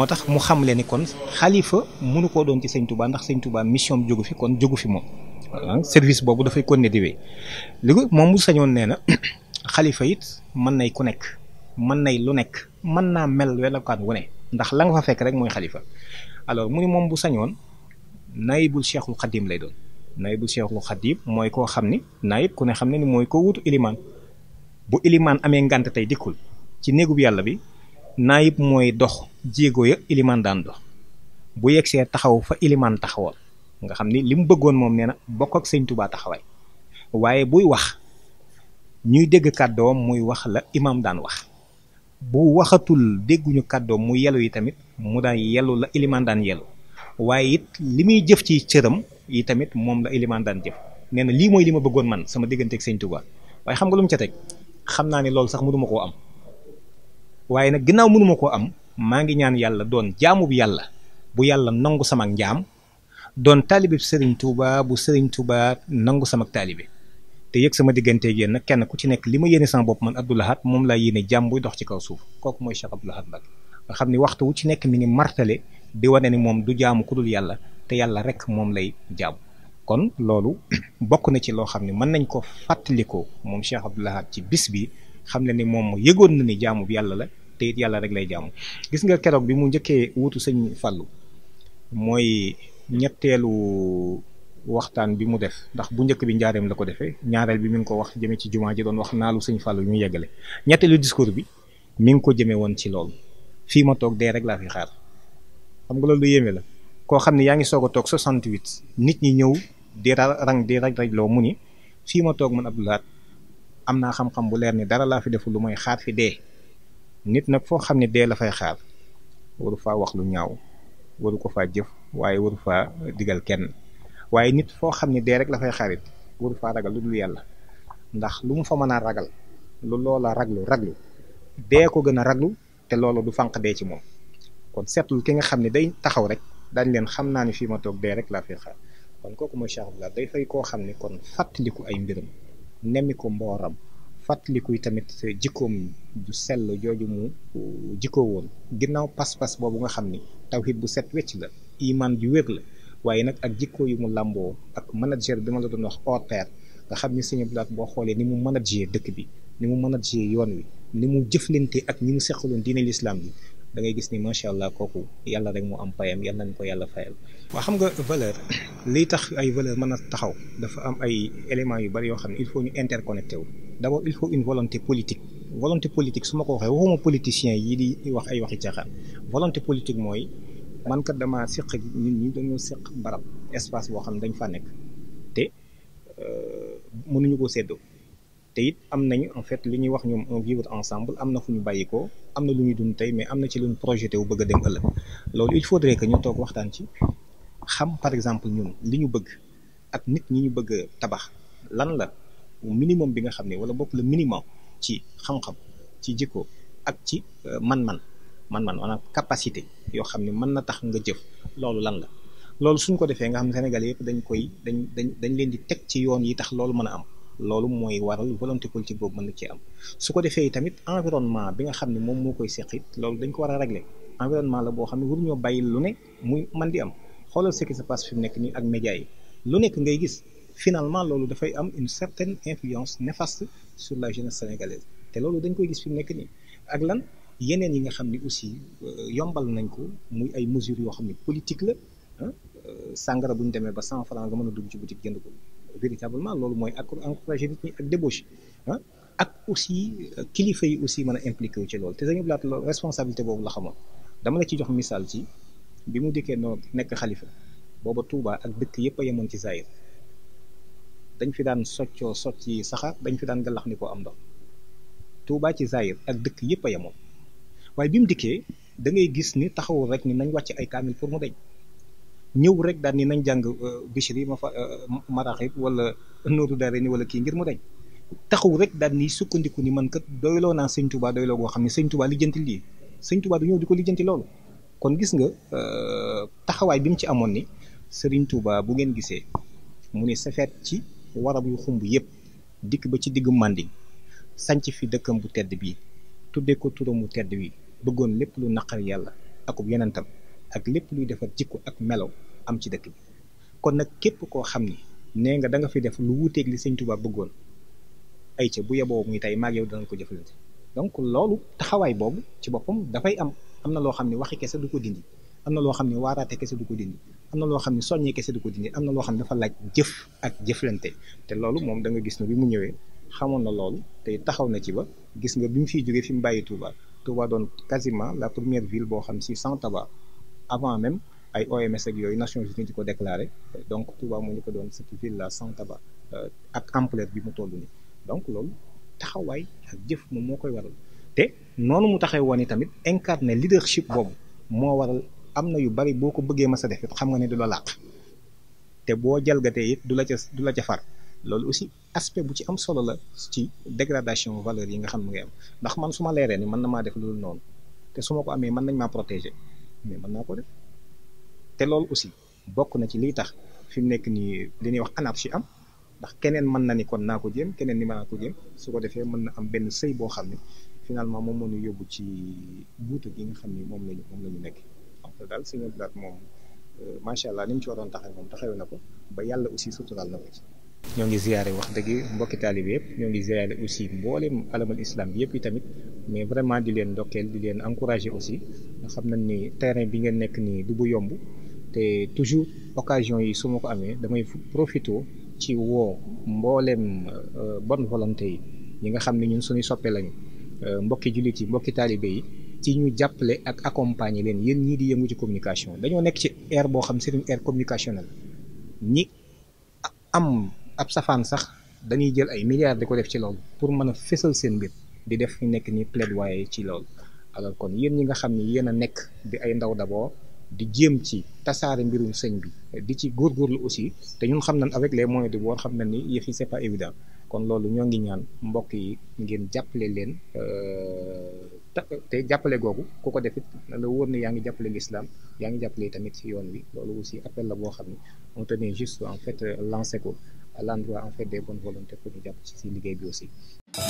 moo tax mu xam leen ni kon xalifa mënu koo doon ci sëñ Touba ndax sëñ Touba mission bi jógu fi kon jógu fi moom service boobu dafay kon ne di wéy li ko moom mu sañoon nee na xalifa it mën nay ku nekk mën nay lu nekk mën naa mel welokaan wu ne ndax la nga fa fekk rek mooy xalifa alors mu moom bu sañoon naybul cheikhul xadim lay doon naybul cheikhul xadim mooy koo xam ni nayib ku ne xam ne ni mooy koo wutu ilimaan bu ilimaan amee ngànt tey dikkul ci néegub yàlla bi naayib mooy dox jéego ya ilimaan daan dox bu yegsee taxaw fa ilimaan taxawoon nga xam ni li mu bëggoon moom nee na bokk ak sëñ Tuubaa taxawaay waaye buy wax ñuy dégg kàddoom muy wax la imaam daan wax bu waxatul dégguñu kàddoom mu yelu yi tamit mu daan yelu la ilimaan daan yelu waaye it li muy jëf ci cëram yi tamit moom la ilimaan daan jëf nee na lii mooy li ma bëggoon man sama digganteeg sëñ Tuubaa waaye xam nga lu mu ca teg xam naa ni loolu sax mënuma koo am waaye nag ginnaaw mënuma ko am maa ngi ñaan yàlla doon jaamu bu yàlla bu yàlla nangu sama njaam doon taalibe sëriñ Touba bu sëriñ Touba nangu sama taalibe te yëg sama digganteeg yéen nag kenn ku ci nekk li ma yéene sama bopp man Abdou Lahad moom laa yéene jàmm buy dox ci kaw suuf kooku mooy Cheikh Abdou Lahad Mbacké nga xam ni waxtu wu ci nekk mi ngi martale di wane ni moom du jaamu ku dul yàlla te yàlla rek moom lay jaamu. kon loolu bokk na ci loo xam ne mën nañ ko fàttalikoo moom Cheikh ci bis bi xam ne ni moom yëgoon na ni jaamu yàlla la. te it yàlla rek lay jàmm gis nga keroog bi mu njëkkee wutu sëñ Fallou mooy ñetteelu waxtaan bi mu def ndax bu njëkk bi njaareem la ko defee ñaareel bi mu ngi ko wax jëmee ci jumaa ji doon wax naalu sëñ Fallou ñu yeggale ñetteelu discours bi mi ngi ko jëmee woon ci lool fii ma toog dee rek laa fi xaar xam nga loolu lu yéeme la koo xam ne yaa ngi soog a toog 68 nit ñi ñëw di rang di raj raj loo mu ni fii ma toog man Abdou Lahad am naa xam-xam bu leer ni dara laa fi deful lu mooy xaar fi dee nit nag foo xam ne dee la fay xaar waru fa wax lu ñaaw waru ko faa jëf waaye waru fa digal kenn waaye nit foo xam ne dee rek la fay xaarit waru faa ragal lu dul yàlla ndax lu mu fa mën a ragal lu loola raglu raglu dee ko gën a raglu te loola du fanq dee ci moom kon seetlul ki nga xam ne day taxaw rek dañ leen xam naa ne fii ma toog dee rek laa fay xaar kon kooku mooy Cheikh day fay koo xam ne kon fàttaliku ay mbiram nemmi ko mbooram fàttaliku tamit jikkoom ju sell jooju mu jikkoo woon ginnaaw pas-pas boobu nga xam ni tawhid bu set wecc la iman ju wér la waaye nag ak jikkoo yu mu làmboo ak manager bi ma la doon wax hors pair nga xam ni sëñ Blaat boo xoolee ni mu manager dëkk bi ni mu manager yoon wi ni mu jëflante ak ñi mu seqaloon diine l'islam bi da ngay gis ni macha allah kooku yàlla rek mu am payam yàlla nañ ko yàlla fayal. waa xam nga valeur li tax ay valeur mën a taxaw dafa am ay éléments yu bari yoo xam ne il faut ñu interconnecté wu d'abord il faut une volonté politique. volonté politique su ma ko waxee waxuma politiciens yi di wax ay waxi caaxaan volonté politique mooy man kat damaa seq nit ñi dañoo seq barab espace boo xam ne dañ faa nekk te euh, mënuñu ko séddoo. te it am nañu en fait li ñuy wax ñoom un vivre ensemble am na fu ñu bàyyi am na lu ñuy dund tey mais am na ci lu projeté wu bëgg a dem ëllëg loolu il faudrait que ñu toog waxtaan ci par exemple ñun li ñu bëgg ak nit ñi ñu bëgg tabax lan la minimum bi nga xam ne wala bokk le minimum ci xam-xam ci jikko ak ci euh, man-man man-man maanaam capacité yoo xam ne mën na tax nga jëf loolu lan la loolu suñ ko defee nga xam ne Sénégal yëpp dañ koy dañ dañ dañ leen di teg ci yoon yi tax loolu mën a am loolu mooy waral volonté politique boobu mën na ci am su ko defee tamit environnement bi nga xam ne moom moo koy seq loolu dañ ko war a régler environnement la boo xam ne ñoo bàyyi lu ne muy man di am xoolal ce qui se passe fi mu nekk nii ak médias yi lu nekk ngay gis finalement loolu dafay am une certaine influence néfaste sur la jeunesse sénégalaise te loolu dañ koy gis fi mu nekk nii ak lan yeneen yi nga xam ni aussi euh, yombal nañ ko muy ay mesures yoo xam ne politique la euh, sàngara bu ñu demee ba cent franc nga a dugg ci boutique jënd ko. véritablement loolu mooy encouragé nit ñi ak débauche ah ak aussi euh, kilifa yi aussi mën a impliqué wu ci loolu te dañu laat loolu responsabilité boobu la xamoon dama la ci jox misaal ci bi mu dikkee noo nekk xalifa booba Touba ak dëkk yëpp a yemoon ci Zaire dañ fi daan soccoo socc yi saxar dañ fi daan galax ni ko am ndox Touba ci Zaire ak dëkk yëpp a yemoon waaye bi mu dikkee da ngay gis ni taxawul rek ni nañ wàcc ay kaamil pour mu deñ ñëw rek daal ni nañ jàng Bichri euh, ma fa euh, Maraaxib wala Nooru Daarayni wala kii ngir mu dañ taxaw rek daal ni sukkandiku ni man kat doyloo naa sëñ Tuubaa doyloo goo xam ne sëñ Tuubaa lijjanti lii sëñ Tuubaa du ñëw di ko lijjanti loolu kon gis nga euh, taxawaay bi mu ci amoon ni sëriñ Tuubaa bu ngeen gisee mu ne safeet ci warab yu xumb yëpp dikk ba ci diggu màndi sanc fi dëkkam bu tedd bii tuddee ko turam bu tedd bi bëggoon lépp lu naqar yàlla akub yenentam ak lépp luy defar jikko ak melo am ci dëkk bi kon nag képp koo xam ni nee nga da nga fi def lu wuuteeg li sëñ Tuubaa bëggoon ay ca bu yeboo muy tey maag yow danañ ko jëflante donc loolu taxawaay boobu ci boppam dafay am am na loo xam ne waxi kese du ko dindi am na loo xam ne waaraate kese du ko dindi am na loo xam ne soññee kese du ko dindi am na loo xam ne dafa laaj jëf ak jëflante te loolu moom da nga gis ne bi mu ñëwee xamoon na loolu te taxaw na ci ba gis nga bi mu fiy jógee fi mu bàyyi Touba Touba doon quasiment la première ville boo xam si sans tabac avant même ay OMS ak yooyu Nations Unies di ko déclaré donc Touba moo ñu ko doon cette ville là sans ak ampleur bi mu toll nii donc loolu taxawaay ak jëf moom moo koy waral te noonu mu taxee woon tamit incarné leadership boobu moo waral am na yu bari boo ko bëggee ma sa def it xam nga ne du la làq te boo jalgatee it du la ca du la ca far loolu aussi aspect bu ci am solo la ci dégradation valeur yi nga xam nga am ndax man su ma leeree ni mën na maa def loolu noonu su ma ko amee mën nañ maa protéger. mais mën naa ko def te loolu aussi bokk na ci liy tax fi mu nekk nii li ñuy wax anarchie am ndax keneen mën na ni kon naa ko jëm keneen ni mën ko jéem su ko defee mën na am benn sëy boo xam ne finalement moom moo ñu yóbbu ci buutu gi nga xam ni moom lañu moom la ñu nekk donc daal suñu blaat moom euh, macha allah ni mu ci waroon taxaw moom taxawee na ko ba yàlla aussi suturaal na ko ci. ñoo ngi ziare wax dëgg mbokki taalibe yëpp ñoo ngi ziare aussi mboolem alamal islam yëpp yi tamit mais vraiment di leen ndokkeel di leen encourager aussi nga xam nañ ni terrain bi ngeen nekk nii du bu yomb te toujours occasion yi su ma ko amee damay profité ci woo mbooleem euh, bonne volonté yi ñi nga xam ne ñun suñuy soppee lañu euh, mbokki jullit yi mbokki taalibe yi ci ñu jàppale ak accompagne leen yéen ñii di yëngu ci communication dañoo nekk ci ère boo xam c'est une ère communicationnelle ñi am ab safaan sax dañuy jël ay milliards di ko def ci lool pour mën a fésal seen mbir di def ñu nekk ni plaidoyer ci lool alors kon yéen ñi nga xam ni yéen a nekk di ay ndaw d'abord di jëm ci tasaare mbirum sëñ bi di ci lu aussi te ñun xam na avec les moyens de bord xam nañ ni yëf yi c'est pas évident kon loolu ñoo ngi ñaan mbokk yi ngeen jàppale leen euh, te jàppale googu ku ko def it la wóor ne yaa ngi jàppale l'islam yaa ngi jàppale tamit ci yoon wi loolu aussi appel la boo xam ne on tenait juste en fait euh, lancer ko. à l'endroit en fait des bonnes volontés pour ñu ci si liggéey bi